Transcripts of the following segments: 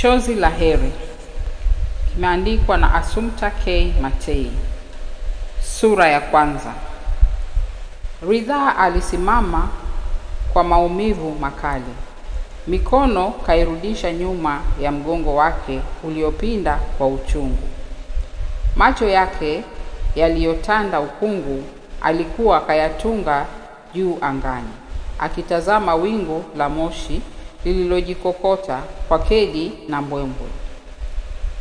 Chozi la Heri kimeandikwa na asumta K. Matei. Sura ya kwanza. Ridhaa alisimama kwa maumivu makali, mikono kairudisha nyuma ya mgongo wake uliopinda kwa uchungu. Macho yake yaliyotanda ukungu alikuwa kayatunga juu angani, akitazama wingu la moshi lililojikokota kwa kedi na mbwembwe,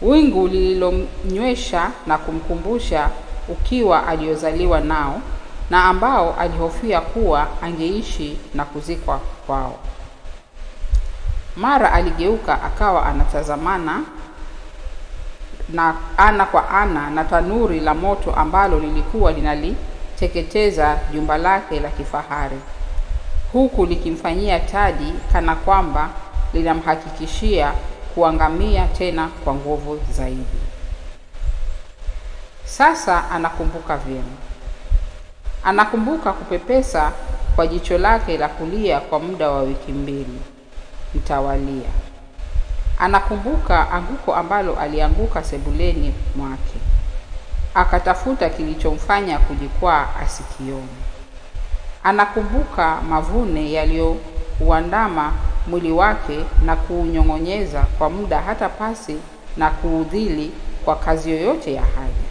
wingu lililomnywesha na kumkumbusha ukiwa aliozaliwa nao na ambao alihofia kuwa angeishi na kuzikwa kwao. Mara aligeuka akawa anatazamana na ana kwa ana na tanuri la moto ambalo lilikuwa linaliteketeza jumba lake la kifahari huku likimfanyia tadi kana kwamba linamhakikishia kuangamia tena kwa nguvu zaidi. Sasa anakumbuka vyema, anakumbuka kupepesa kwa jicho lake la kulia kwa muda wa wiki mbili mtawalia. Anakumbuka anguko ambalo alianguka sebuleni mwake, akatafuta kilichomfanya kujikwaa asikione. Anakumbuka mavune yaliyouandama mwili wake na kuunyong'onyeza kwa muda hata pasi na kuudhili kwa kazi yoyote ya haja.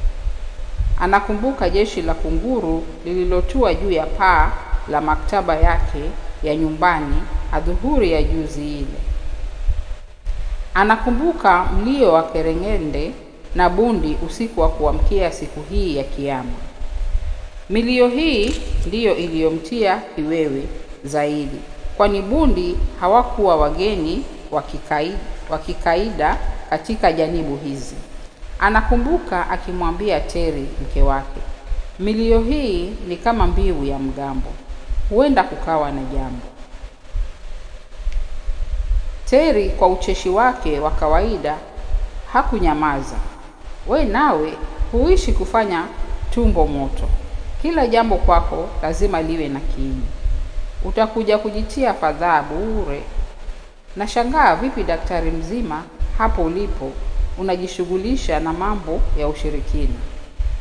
Anakumbuka jeshi la kunguru lililotua juu ya paa la maktaba yake ya nyumbani adhuhuri ya juzi ile. Anakumbuka mlio wa kerengende na bundi usiku wa kuamkia siku hii ya Kiama. Milio hii ndiyo iliyomtia kiwewe zaidi, kwani bundi hawakuwa wageni wa kikaida katika janibu hizi. Anakumbuka akimwambia Teri mke wake, milio hii ni kama mbiu ya mgambo, huenda kukawa na jambo. Teri kwa ucheshi wake wa kawaida hakunyamaza. We nawe huishi kufanya tumbo moto. Kila jambo kwako lazima liwe na kiini. Utakuja kujitia fadhaa bure. Nashangaa vipi daktari mzima hapo ulipo unajishughulisha na mambo ya ushirikina.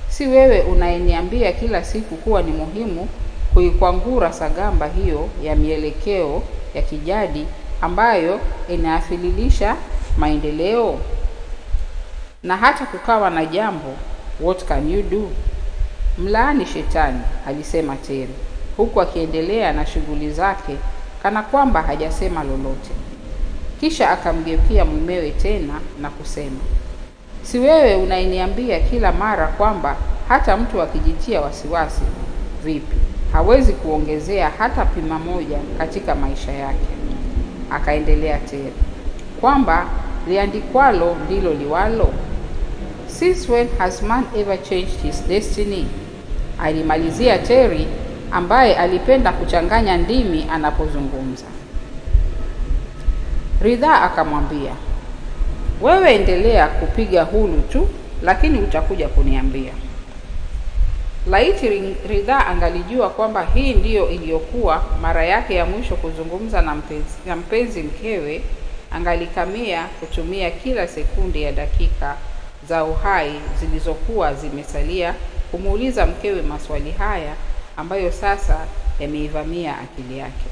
Si wewe unayeniambia kila siku kuwa ni muhimu kuikwangura sagamba hiyo ya mielekeo ya kijadi ambayo inaafililisha maendeleo? Na hata kukawa na jambo, what can you do? Mlaani shetani, alisema Terry huku akiendelea na shughuli zake kana kwamba hajasema lolote. Kisha akamgeukia mumewe tena na kusema, si wewe unayeniambia kila mara kwamba hata mtu akijitia wasiwasi vipi hawezi kuongezea hata pima moja katika maisha yake? Akaendelea Terry kwamba liandikwalo ndilo liwalo. Since when has man ever changed his destiny? alimalizia Terry ambaye alipenda kuchanganya ndimi anapozungumza. Ridhaa akamwambia, wewe endelea kupiga hulu tu, lakini utakuja kuniambia. Laiti Ridhaa angalijua kwamba hii ndiyo iliyokuwa mara yake ya mwisho kuzungumza na mpenzi, na mpenzi mkewe, angalikamia kutumia kila sekunde ya dakika za uhai zilizokuwa zimesalia kumuuliza mkewe maswali haya ambayo sasa yameivamia akili yake.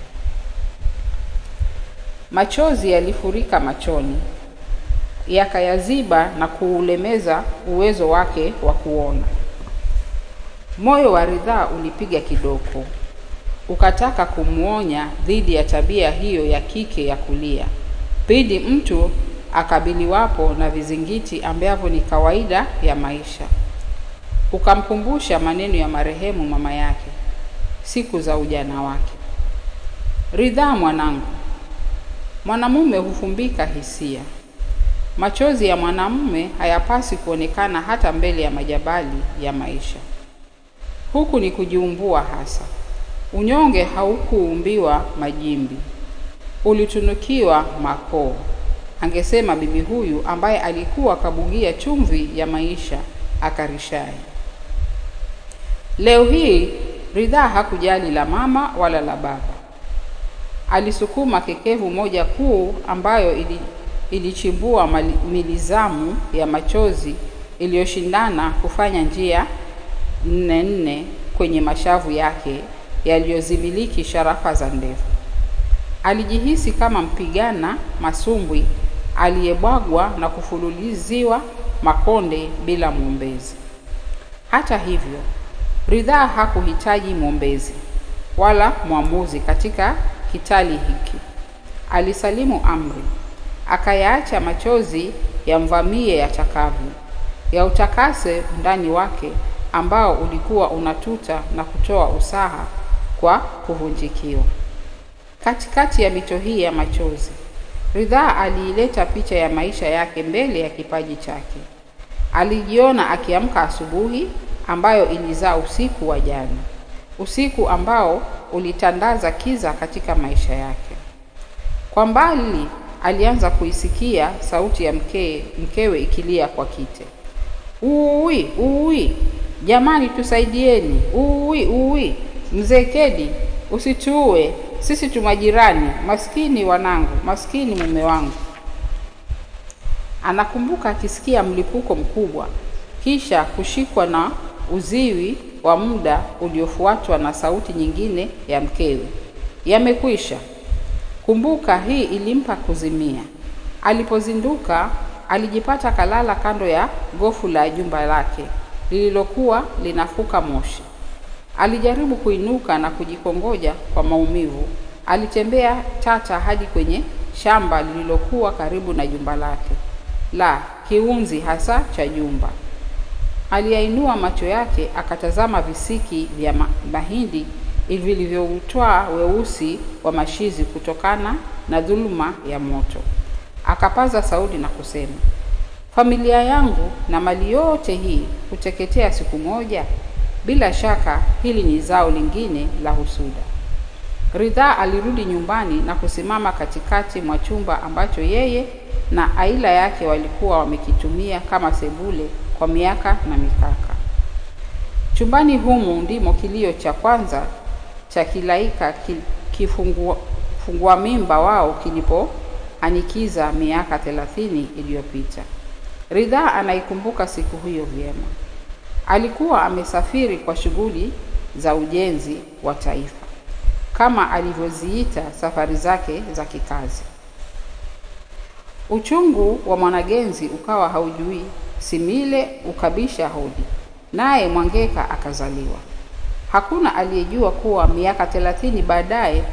Machozi yalifurika machoni, yakayaziba na kuulemeza uwezo wake wa kuona. Moyo wa ridhaa ulipiga kidogo, ukataka kumwonya dhidi ya tabia hiyo ya kike ya kulia pindi mtu akabiliwapo na vizingiti ambavyo ni kawaida ya maisha ukamkumbusha maneno ya marehemu mama yake siku za ujana wake. Ridhaa mwanangu, mwanamume hufumbika hisia. Machozi ya mwanamume hayapasi kuonekana hata mbele ya majabali ya maisha. Huku ni kujiumbua hasa. Unyonge haukuumbiwa majimbi, ulitunukiwa makoo, angesema bibi huyu ambaye alikuwa kabugia chumvi ya maisha akarishaye. Leo hii Ridhaa hakujali la mama wala la baba. Alisukuma kekevu moja kuu ambayo ili, ilichimbua milizamu ya machozi iliyoshindana kufanya njia nne nne kwenye mashavu yake yaliyozimiliki sharafa za ndevu. Alijihisi kama mpigana masumbwi aliyebwagwa na kufululiziwa makonde bila mwombezi. Hata hivyo Ridhaa hakuhitaji mwombezi wala mwamuzi katika kitali hiki. Alisalimu amri, akayaacha machozi yamvamie yatakavyo, utakase ndani wake ambao ulikuwa unatuta na kutoa usaha kwa kuvunjikiwa. Katikati ya mito hii ya machozi, Ridhaa aliileta picha ya maisha yake mbele ya kipaji chake. Alijiona akiamka asubuhi ambayo ilizaa usiku wa jana, usiku ambao ulitandaza kiza katika maisha yake. Kwa mbali alianza kuisikia sauti ya mkee, mkewe ikilia kwa kite, uui uui, jamani, tusaidieni, uui uui, mzee Kedi usituue, sisi tu majirani, maskini wanangu, maskini mume wangu. Anakumbuka akisikia mlipuko mkubwa, kisha kushikwa na uziwi wa muda uliofuatwa na sauti nyingine ya mkewe, yamekwisha. Kumbuka, hii ilimpa kuzimia. Alipozinduka alijipata kalala kando ya gofu la jumba lake lililokuwa linafuka moshi. Alijaribu kuinuka na kujikongoja kwa maumivu. Alitembea tata hadi kwenye shamba lililokuwa karibu na jumba lake la kiunzi hasa cha jumba. Aliyainua macho yake akatazama visiki vya mahindi vilivyoutwaa weusi wa mashizi kutokana na dhuluma ya moto. Akapaza sauti na kusema, familia yangu na mali yote hii huteketea siku moja. Bila shaka hili ni zao lingine la husuda. Ridhaa alirudi nyumbani na kusimama katikati mwa chumba ambacho yeye na aila yake walikuwa wamekitumia kama sebule kwa miaka na mikaka. Chumbani humu ndimo kilio cha kwanza cha kilaika kifungua fungua mimba wao kilipoanikiza miaka thelathini iliyopita. Ridhaa anaikumbuka siku hiyo vyema. Alikuwa amesafiri kwa shughuli za ujenzi wa taifa kama alivyoziita safari zake za kikazi. Uchungu wa mwanagenzi ukawa haujui Simile ukabisha hodi, naye Mwangeka akazaliwa. Hakuna aliyejua kuwa miaka thelathini baadaye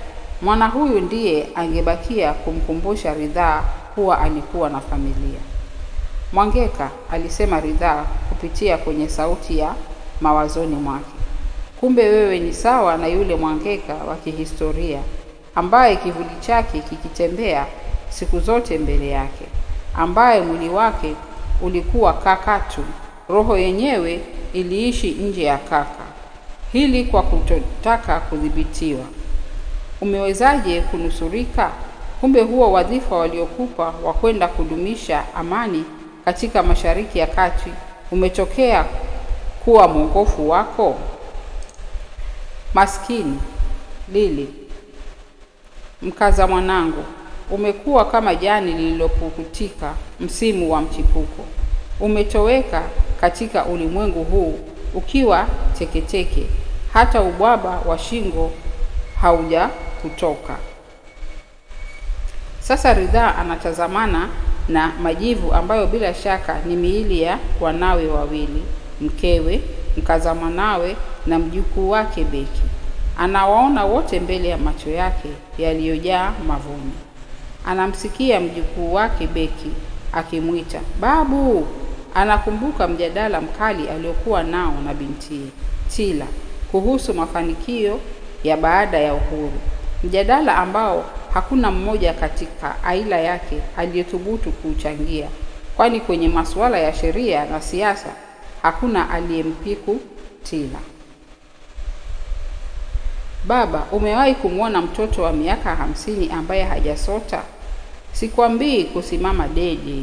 mwana huyu ndiye angebakia kumkumbusha Ridhaa kuwa alikuwa na familia. Mwangeka alisema Ridhaa kupitia kwenye sauti ya mawazoni mwake, kumbe wewe ni sawa na yule Mwangeka wa kihistoria ambaye kivuli chake kikitembea siku zote mbele yake, ambaye mwili wake ulikuwa kaka tu, roho yenyewe iliishi nje ya kaka. Hili kwa kutotaka kudhibitiwa. Umewezaje kunusurika? Kumbe huo wadhifa waliokupa wa kwenda kudumisha amani katika Mashariki ya Kati umetokea kuwa mwongofu wako. Maskini Lili, mkaza mwanangu Umekuwa kama jani lililopukutika msimu wa mchipuko, umetoweka katika ulimwengu huu ukiwa teketeke teke, hata ubwaba wa shingo hauja kutoka. Sasa ridhaa anatazamana na majivu ambayo bila shaka ni miili ya wanawe wawili, mkewe, mkazamanawe na mjukuu wake Beki. Anawaona wote mbele ya macho yake yaliyojaa mavumbi. Anamsikia mjukuu wake Beki akimwita babu. Anakumbuka mjadala mkali aliokuwa nao na binti Tila kuhusu mafanikio ya baada ya uhuru, mjadala ambao hakuna mmoja katika aila yake aliyethubutu kuuchangia, kwani kwenye masuala ya sheria na siasa hakuna aliyempiku Tila. Baba, umewahi kumwona mtoto wa miaka hamsini ambaye hajasota? Sikwambii kusimama deje,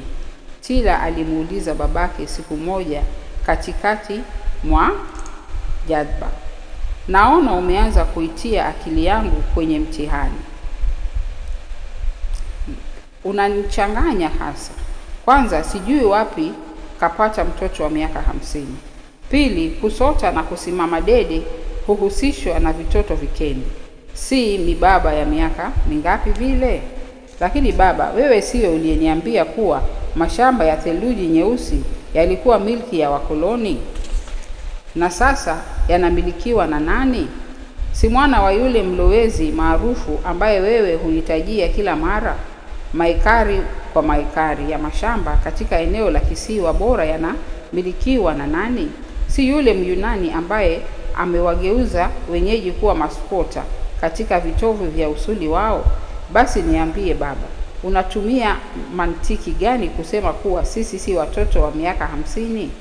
Tila alimuuliza babake siku moja katikati mwa jadba. Naona umeanza kuitia akili yangu kwenye mtihani, unanichanganya hasa. Kwanza sijui wapi kapata mtoto wa miaka hamsini. Pili, kusota na kusimama dede huhusishwa na vitoto vikeni, si mibaba ya miaka mingapi vile. Lakini baba, wewe sio uliyeniambia kuwa mashamba ya theluji nyeusi yalikuwa milki ya wakoloni na sasa yanamilikiwa na nani? Si mwana wa yule mlowezi maarufu ambaye wewe hunitajia kila mara? Maekari kwa maekari ya mashamba katika eneo la kisiwa bora yanamilikiwa na nani? Si yule Myunani ambaye amewageuza wenyeji kuwa maskota katika vitovu vya usuli wao? basi niambie baba, unatumia mantiki gani kusema kuwa sisi si watoto wa miaka hamsini?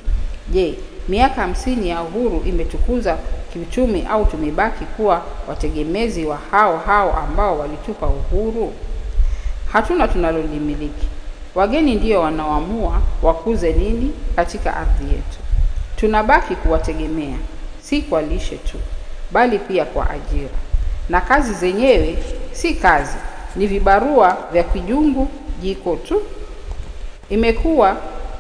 Je, miaka hamsini ya uhuru imetukuza kiuchumi au tumebaki kuwa wategemezi wa hao hao ambao walitupa uhuru? Hatuna tunalolimiliki. Wageni ndio wanaoamua wakuze nini katika ardhi yetu. Tunabaki kuwategemea, si kwa lishe tu, bali pia kwa ajira. Na kazi zenyewe si kazi ni vibarua vya kijungu jiko tu. Imekuwa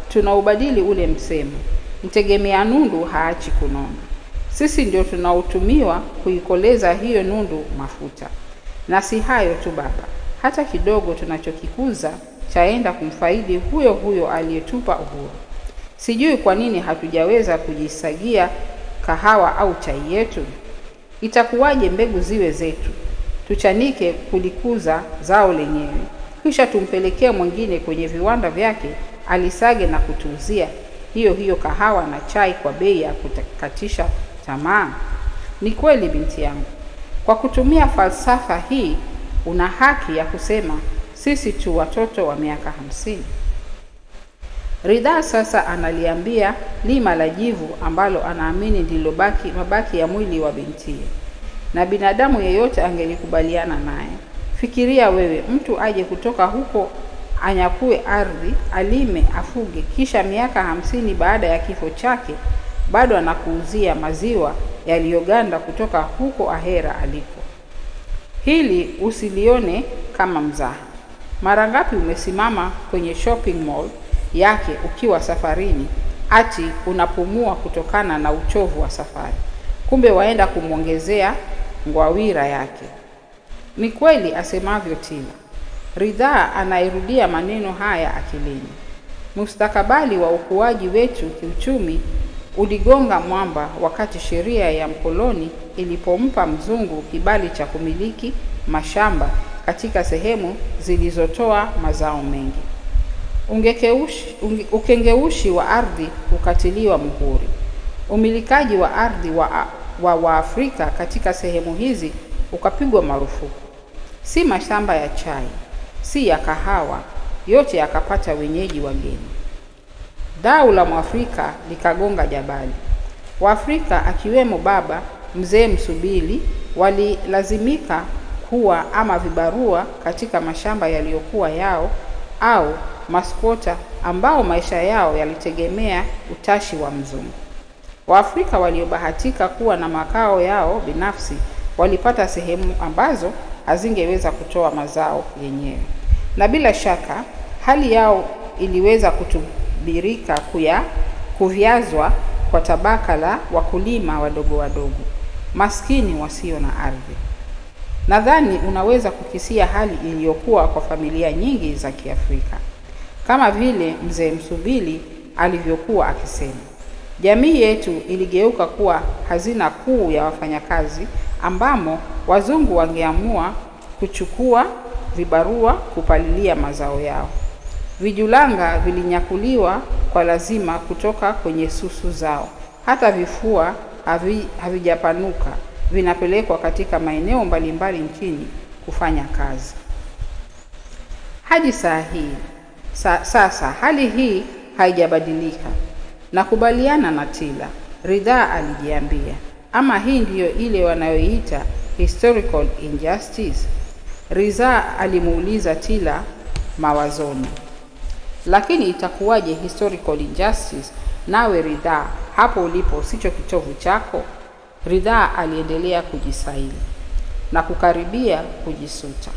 tunaubadili ule msemo, mtegemea nundu haachi kunona. Sisi ndio tunaotumiwa kuikoleza hiyo nundu mafuta. Na si hayo tu baba, hata kidogo tunachokikuza chaenda kumfaidi huyo huyo aliyetupa uhuru. Sijui kwa nini hatujaweza kujisagia kahawa au chai yetu. Itakuwaje mbegu ziwe zetu? tuchanike kulikuza zao lenyewe, kisha tumpelekea mwingine kwenye viwanda vyake alisage na kutuuzia hiyo hiyo kahawa na chai kwa bei ya kukatisha tamaa. Ni kweli binti yangu, kwa kutumia falsafa hii una haki ya kusema sisi tu watoto wa miaka hamsini. Ridhaa sasa analiambia lima la jivu ambalo anaamini ndilo baki mabaki ya mwili wa bintiye na binadamu yeyote angelikubaliana naye. Fikiria wewe, mtu aje kutoka huko anyakue ardhi, alime, afuge, kisha miaka hamsini baada ya kifo chake bado anakuuzia maziwa yaliyoganda kutoka huko ahera aliko. Hili usilione kama mzaha. Mara ngapi umesimama kwenye shopping mall yake ukiwa safarini, ati unapumua kutokana na uchovu wa safari? kumbe waenda kumwongezea ngwawira yake. Ni kweli asemavyo Tina. Ridhaa anayerudia maneno haya akilini. Mustakabali wa ukuaji wetu kiuchumi uligonga mwamba wakati sheria ya mkoloni ilipompa mzungu kibali cha kumiliki mashamba katika sehemu zilizotoa mazao mengi. Ungekeushi, unge, ukengeushi wa ardhi ukatiliwa muhuri. Umilikaji wa ardhi wa, wa Waafrika katika sehemu hizi ukapigwa marufuku. Si mashamba ya chai, si ya kahawa, yote yakapata wenyeji wageni. Dau la Mwafrika likagonga jabali. Waafrika akiwemo baba mzee Msubili walilazimika kuwa ama vibarua katika mashamba yaliyokuwa yao au maskota ambao maisha yao yalitegemea utashi wa mzungu. Waafrika waliobahatika kuwa na makao yao binafsi walipata sehemu ambazo hazingeweza kutoa mazao yenyewe, na bila shaka hali yao iliweza kutubirika kuya kuvyazwa kwa tabaka la wakulima wadogo wadogo maskini wasio na ardhi. Nadhani unaweza kukisia hali iliyokuwa kwa familia nyingi za Kiafrika, kama vile mzee Msubili alivyokuwa akisema. Jamii yetu iligeuka kuwa hazina kuu ya wafanyakazi, ambamo wazungu wangeamua kuchukua vibarua kupalilia mazao yao. Vijulanga vilinyakuliwa kwa lazima kutoka kwenye susu zao. Hata vifua havi, havijapanuka vinapelekwa katika maeneo mbalimbali nchini kufanya kazi hadi saa hii. Sa, sasa hali hii haijabadilika. Nakubaliana na Tila, Ridhaa alijiambia, ama hii ndiyo ile wanayoita historical injustice. Ridhaa alimuuliza Tila mawazoni, lakini itakuwaje historical injustice nawe Ridhaa hapo ulipo sicho kitovu chako? Ridhaa aliendelea kujisaili na kukaribia kujisuta.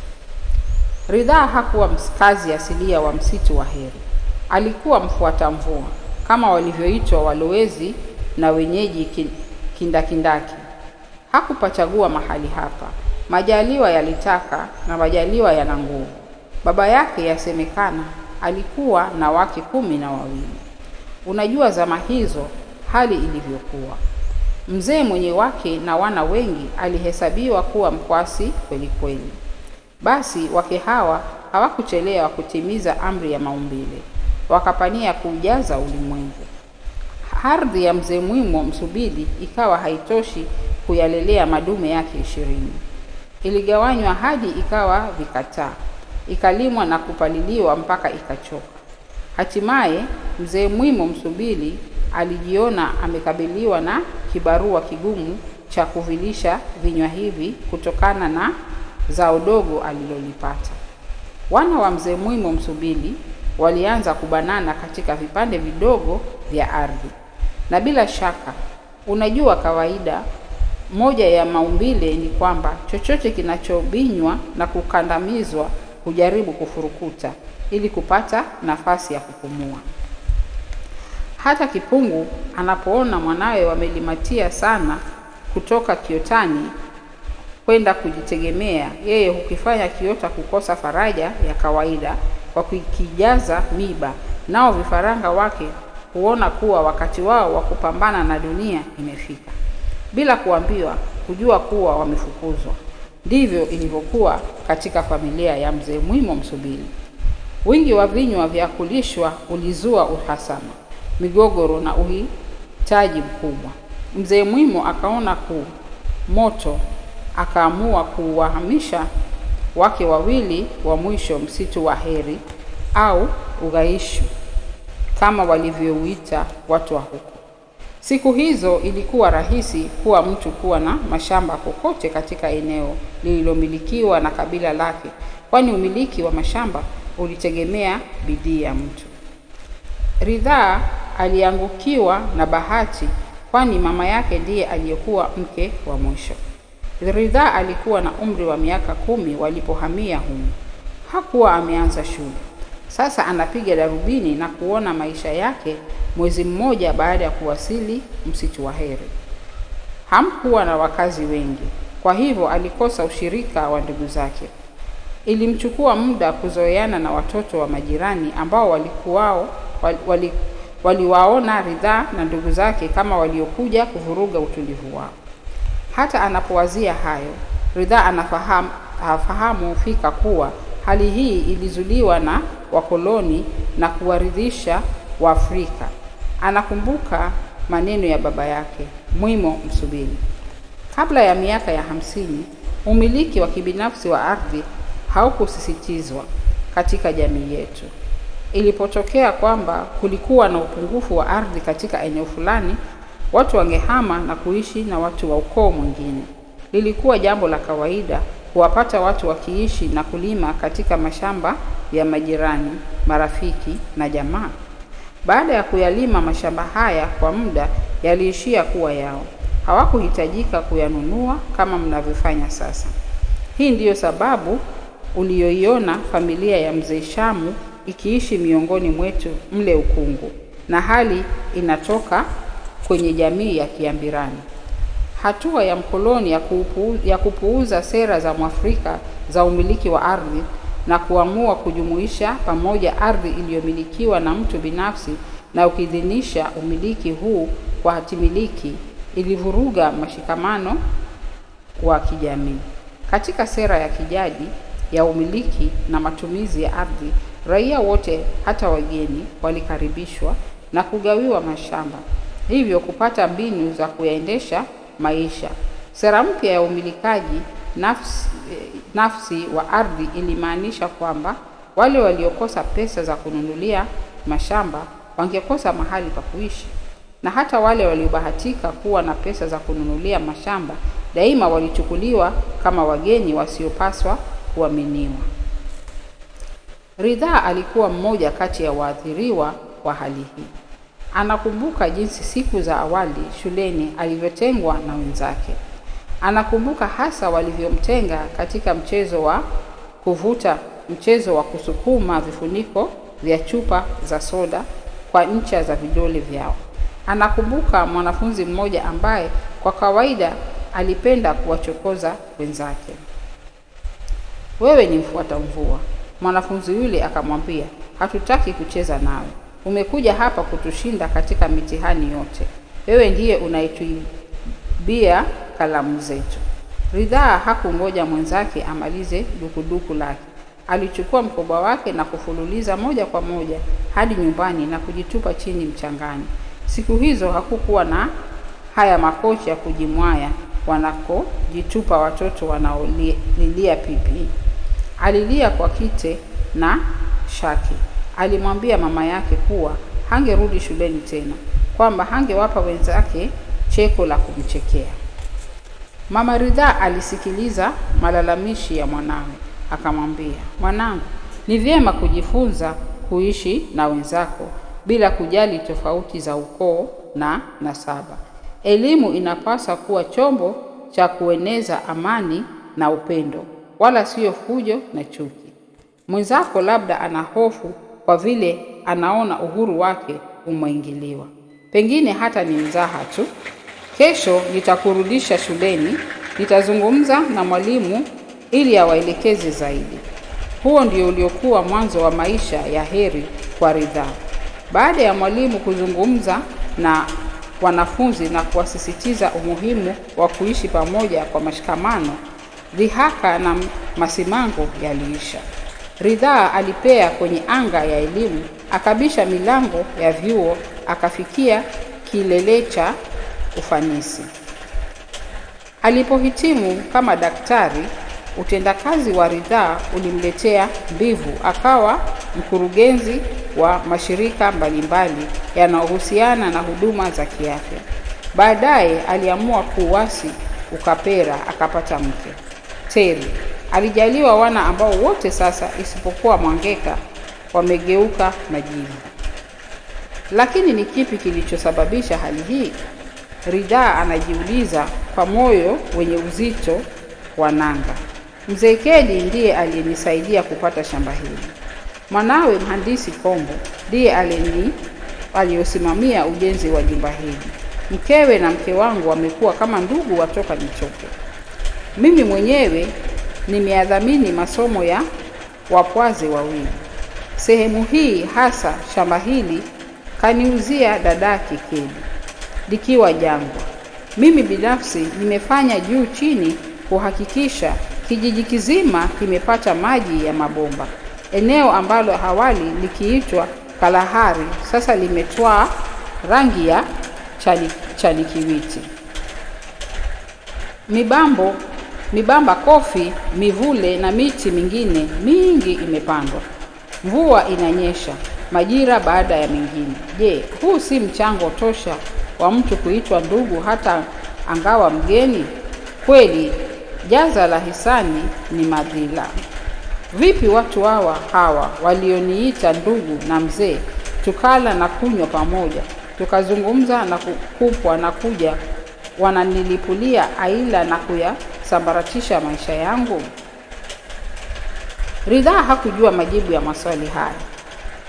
Ridhaa hakuwa mkazi asilia wa msitu wa heri alikuwa mfuata mvua kama walivyoitwa walowezi na wenyeji kindakindaki. Hakupachagua mahali hapa, majaliwa yalitaka na majaliwa yana nguvu. Baba yake yasemekana alikuwa na wake kumi na wawili. Unajua zama hizo hali ilivyokuwa. Mzee mwenye wake na wana wengi alihesabiwa kuwa mkwasi kweli kweli. Basi wake hawa hawakuchelewa kutimiza amri ya maumbile wakapania kuujaza ulimwengu. Ardhi ya mzee Mwimo Msubili ikawa haitoshi kuyalelea madume yake ishirini. Iligawanywa hadi ikawa vikataa, ikalimwa na kupaliliwa mpaka ikachoka. Hatimaye mzee Mwimo Msubili alijiona amekabiliwa na kibarua kigumu cha kuvilisha vinywa hivi kutokana na zao dogo alilolipata. Wana wa mzee Mwimo Msubili walianza kubanana katika vipande vidogo vya ardhi. Na bila shaka, unajua kawaida, moja ya maumbile ni kwamba chochote kinachobinywa na kukandamizwa hujaribu kufurukuta ili kupata nafasi ya kupumua. Hata kipungu anapoona mwanawe wamelimatia sana kutoka kiotani kwenda kujitegemea, yeye hukifanya kiota kukosa faraja ya kawaida kwa kukijaza miba, nao vifaranga wake huona kuwa wakati wao wa kupambana na dunia imefika, bila kuambiwa kujua kuwa wamefukuzwa. Ndivyo ilivyokuwa katika familia ya mzee Mwimo Msubiri. Wingi wa vinywa vya kulishwa ulizua uhasama, migogoro na uhitaji mkubwa. Mzee Mwimo akaona ku moto, akaamua kuwahamisha wake wawili wa mwisho msitu wa heri au Ugaishu kama walivyouita watu wa huko. Siku hizo ilikuwa rahisi kuwa mtu kuwa na mashamba kokote katika eneo lililomilikiwa na kabila lake, kwani umiliki wa mashamba ulitegemea bidii ya mtu. Ridhaa aliangukiwa na bahati, kwani mama yake ndiye aliyekuwa mke wa mwisho. Ridhaa alikuwa na umri wa miaka kumi walipohamia humu. Hakuwa ameanza shule. Sasa anapiga darubini na kuona maisha yake mwezi mmoja baada ya kuwasili msitu wa heri Hamkuwa na wakazi wengi, kwa hivyo alikosa ushirika wa ndugu zake. Ilimchukua muda kuzoeana na watoto wa majirani ambao walikuwao wali, waliwaona Ridhaa na ndugu zake kama waliokuja kuvuruga utulivu wao. Hata anapowazia hayo, Ridhaa anafahamu hafahamu fika kuwa hali hii ilizuliwa na wakoloni na kuwaridhisha Waafrika. Anakumbuka maneno ya baba yake Mwimo Msubiri, kabla ya miaka ya hamsini, umiliki wa kibinafsi wa ardhi haukusisitizwa katika jamii yetu. Ilipotokea kwamba kulikuwa na upungufu wa ardhi katika eneo fulani watu wangehama na kuishi na watu wa ukoo mwingine. Lilikuwa jambo la kawaida kuwapata watu wakiishi na kulima katika mashamba ya majirani, marafiki na jamaa. Baada ya kuyalima mashamba haya kwa muda, yaliishia kuwa yao. Hawakuhitajika kuyanunua kama mnavyofanya sasa. Hii ndiyo sababu uliyoiona familia ya mzee Shamu ikiishi miongoni mwetu mle Ukungu, na hali inatoka kwenye jamii ya Kiambirani. Hatua ya mkoloni ya, kupu, ya kupuuza sera za Mwafrika za umiliki wa ardhi na kuamua kujumuisha pamoja ardhi iliyomilikiwa na mtu binafsi na ukidhinisha umiliki huu kwa hatimiliki ilivuruga mashikamano wa kijamii. Katika sera ya kijadi ya umiliki na matumizi ya ardhi, raia wote hata wageni walikaribishwa na kugawiwa mashamba hivyo kupata mbinu za kuyaendesha maisha. Sera mpya ya umilikaji nafsi, eh, nafsi wa ardhi ilimaanisha kwamba wale waliokosa pesa za kununulia mashamba wangekosa mahali pa kuishi, na hata wale waliobahatika kuwa na pesa za kununulia mashamba daima walichukuliwa kama wageni wasiopaswa kuaminiwa. Ridhaa alikuwa mmoja kati ya waathiriwa wa hali hii. Anakumbuka jinsi siku za awali shuleni alivyotengwa na wenzake. Anakumbuka hasa walivyomtenga katika mchezo wa kuvuta, mchezo wa kusukuma vifuniko vya chupa za soda kwa ncha za vidole vyao. Anakumbuka mwanafunzi mmoja ambaye kwa kawaida alipenda kuwachokoza wenzake. Wewe ni mfuata mvua, mwanafunzi yule akamwambia, hatutaki kucheza nawe. Umekuja hapa kutushinda katika mitihani yote. Wewe ndiye unaituibia kalamu zetu. Ridhaa hakungoja mwenzake amalize dukuduku lake. Alichukua mkoba wake na kufululiza moja kwa moja hadi nyumbani na kujitupa chini mchangani. Siku hizo hakukuwa na haya makocha ya kujimwaya wanakojitupa watoto wanaolilia pipi. Alilia kwa kite na shaki alimwambia mama yake kuwa hangerudi shuleni tena, kwamba hangewapa wenzake cheko la kumchekea. Mama ridha alisikiliza malalamishi ya mwanawe, akamwambia, mwanangu, ni vyema kujifunza kuishi na wenzako bila kujali tofauti za ukoo na nasaba. Elimu inapaswa kuwa chombo cha kueneza amani na upendo, wala siyo fujo na chuki. Mwenzako labda ana hofu kwa vile anaona uhuru wake umeingiliwa. Pengine hata ni mzaha tu. Kesho nitakurudisha shuleni, nitazungumza na mwalimu ili awaelekeze zaidi. Huo ndio uliokuwa mwanzo wa maisha ya Heri kwa Ridhaa. Baada ya mwalimu kuzungumza na wanafunzi na kuwasisitiza umuhimu wa kuishi pamoja kwa mashikamano, dhihaka na masimango yaliisha. Ridhaa alipea kwenye anga ya elimu, akabisha milango ya vyuo, akafikia kilele cha ufanisi. Alipohitimu kama daktari, utendakazi wa Ridhaa ulimletea mbivu, akawa mkurugenzi wa mashirika mbalimbali yanayohusiana na huduma za kiafya. Baadaye aliamua kuuasi ukapera, akapata mke Teri. Alijaliwa wana ambao wote sasa isipokuwa Mwangeka wamegeuka majini Lakini ni kipi kilichosababisha hali hii? Ridhaa anajiuliza kwa moyo wenye uzito wa nanga. Mzee Kedi ndiye aliyenisaidia kupata shamba hili. Mwanawe mhandisi Kombo ndiye aliyeni aliyosimamia ujenzi wa jumba hili. Mkewe na mke wangu wamekuwa kama ndugu watoka nichope Mimi mwenyewe nimeadhamini masomo ya wapwazi wawili. Sehemu hii hasa shamba hili kaniuzia dada Kikeli likiwa jangwa. Mimi binafsi nimefanya juu chini kuhakikisha kijiji kizima kimepata maji ya mabomba. Eneo ambalo awali likiitwa Kalahari sasa limetwaa rangi ya chani, chanikiwiti. Mibambo mibamba, kofi, mivule na miti mingine mingi imepandwa. Mvua inanyesha majira baada ya mingine. Je, huu si mchango tosha wa mtu kuitwa ndugu hata angawa mgeni? Kweli jaza la hisani ni madhila. Vipi watu hawa hawa walioniita ndugu na mzee, tukala na kunywa pamoja, tukazungumza na kukupwa na kuja, wananilipulia aila na kuya kusambaratisha maisha yangu? Ridhaa hakujua majibu ya maswali haya.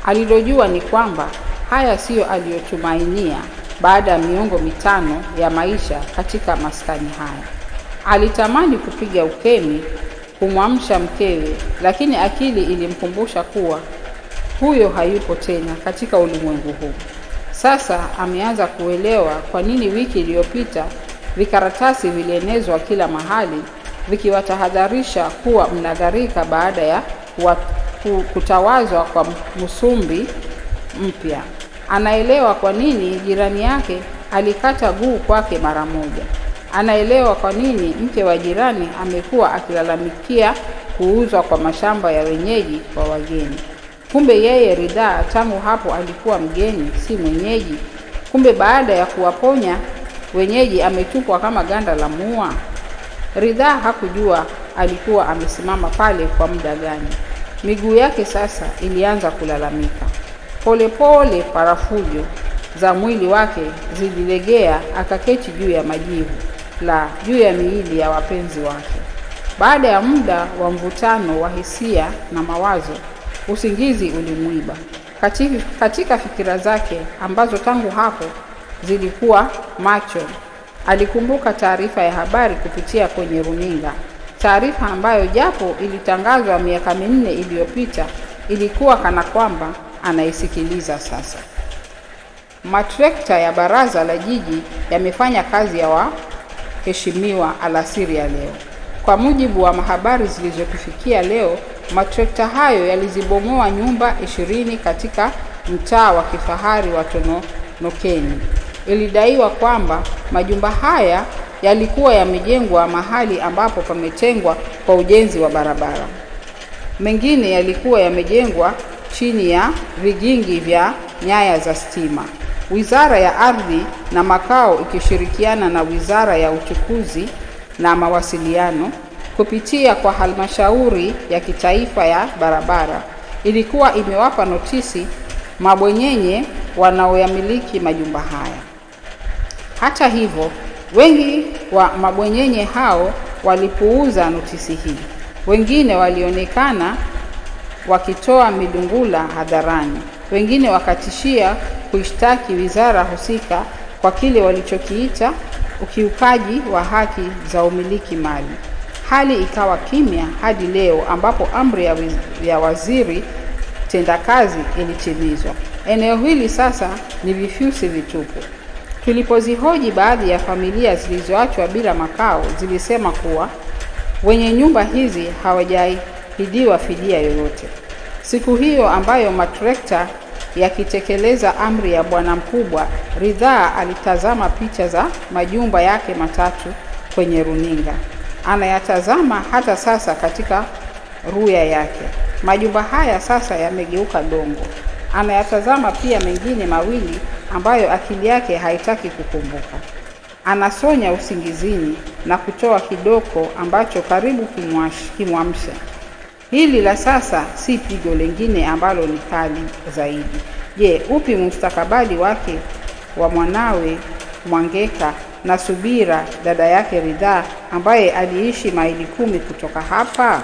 Alilojua ni kwamba haya siyo aliyotumainia baada ya miongo mitano ya maisha katika maskani haya. Alitamani kupiga ukemi kumwamsha mkewe, lakini akili ilimkumbusha kuwa huyo hayupo tena katika ulimwengu huu. Sasa ameanza kuelewa kwa nini wiki iliyopita Vikaratasi vilienezwa kila mahali vikiwatahadharisha kuwa mnadharika baada ya kutawazwa kwa Musumbi mpya. Anaelewa kwa nini jirani yake alikata guu kwake mara moja. Anaelewa kwa nini mke wa jirani amekuwa akilalamikia kuuzwa kwa mashamba ya wenyeji kwa wageni. Kumbe yeye Ridhaa tangu hapo alikuwa mgeni, si mwenyeji. Kumbe baada ya kuwaponya wenyeji ametupwa kama ganda la mua. Ridhaa hakujua alikuwa amesimama pale kwa muda gani. Miguu yake sasa ilianza kulalamika polepole. Pole parafujo za mwili wake zililegea, akaketi juu ya majivu la juu ya miili ya wapenzi wake. Baada ya muda wa mvutano wa hisia na mawazo, usingizi ulimwiba katika fikira zake ambazo tangu hapo zilikuwa macho. Alikumbuka taarifa ya habari kupitia kwenye runinga, taarifa ambayo japo ilitangazwa miaka minne iliyopita ilikuwa kana kwamba anaisikiliza sasa. Matrekta ya baraza la jiji yamefanya kazi ya waheshimiwa alasiri ya leo. Kwa mujibu wa habari zilizotufikia leo, matrekta hayo yalizibomoa nyumba ishirini katika mtaa wa kifahari wa Tonokeni. Ilidaiwa kwamba majumba haya yalikuwa yamejengwa mahali ambapo pametengwa kwa ujenzi wa barabara. Mengine yalikuwa yamejengwa chini ya vigingi vya nyaya za stima. Wizara ya Ardhi na Makao ikishirikiana na Wizara ya Uchukuzi na Mawasiliano kupitia kwa Halmashauri ya Kitaifa ya Barabara ilikuwa imewapa notisi mabwenyenye wanaoyamiliki majumba haya. Hata hivyo, wengi wa mabwenyenye hao walipuuza notisi hii. Wengine walionekana wakitoa midungula hadharani, wengine wakatishia kuishtaki wizara husika kwa kile walichokiita ukiukaji wa haki za umiliki mali. Hali ikawa kimya hadi leo ambapo amri ya waziri tendakazi ilitimizwa. Eneo hili sasa ni vifusi vitupu. Tulipozihoji baadhi ya familia zilizoachwa bila makao, zilisema kuwa wenye nyumba hizi hawajaahidiwa fidia yoyote. Siku hiyo ambayo matrekta yakitekeleza amri ya bwana mkubwa, Ridhaa alitazama picha za majumba yake matatu kwenye runinga. Anayatazama hata sasa katika ruya yake. Majumba haya sasa yamegeuka dongo. Anayatazama pia mengine mawili ambayo akili yake haitaki kukumbuka. Anasonya usingizini na kutoa kidoko ambacho karibu kimwamsha. Hili la sasa si pigo lengine ambalo ni kali zaidi. Je, upi mustakabali wake wa mwanawe Mwangeka na Subira dada yake Ridhaa ambaye aliishi maili kumi kutoka hapa?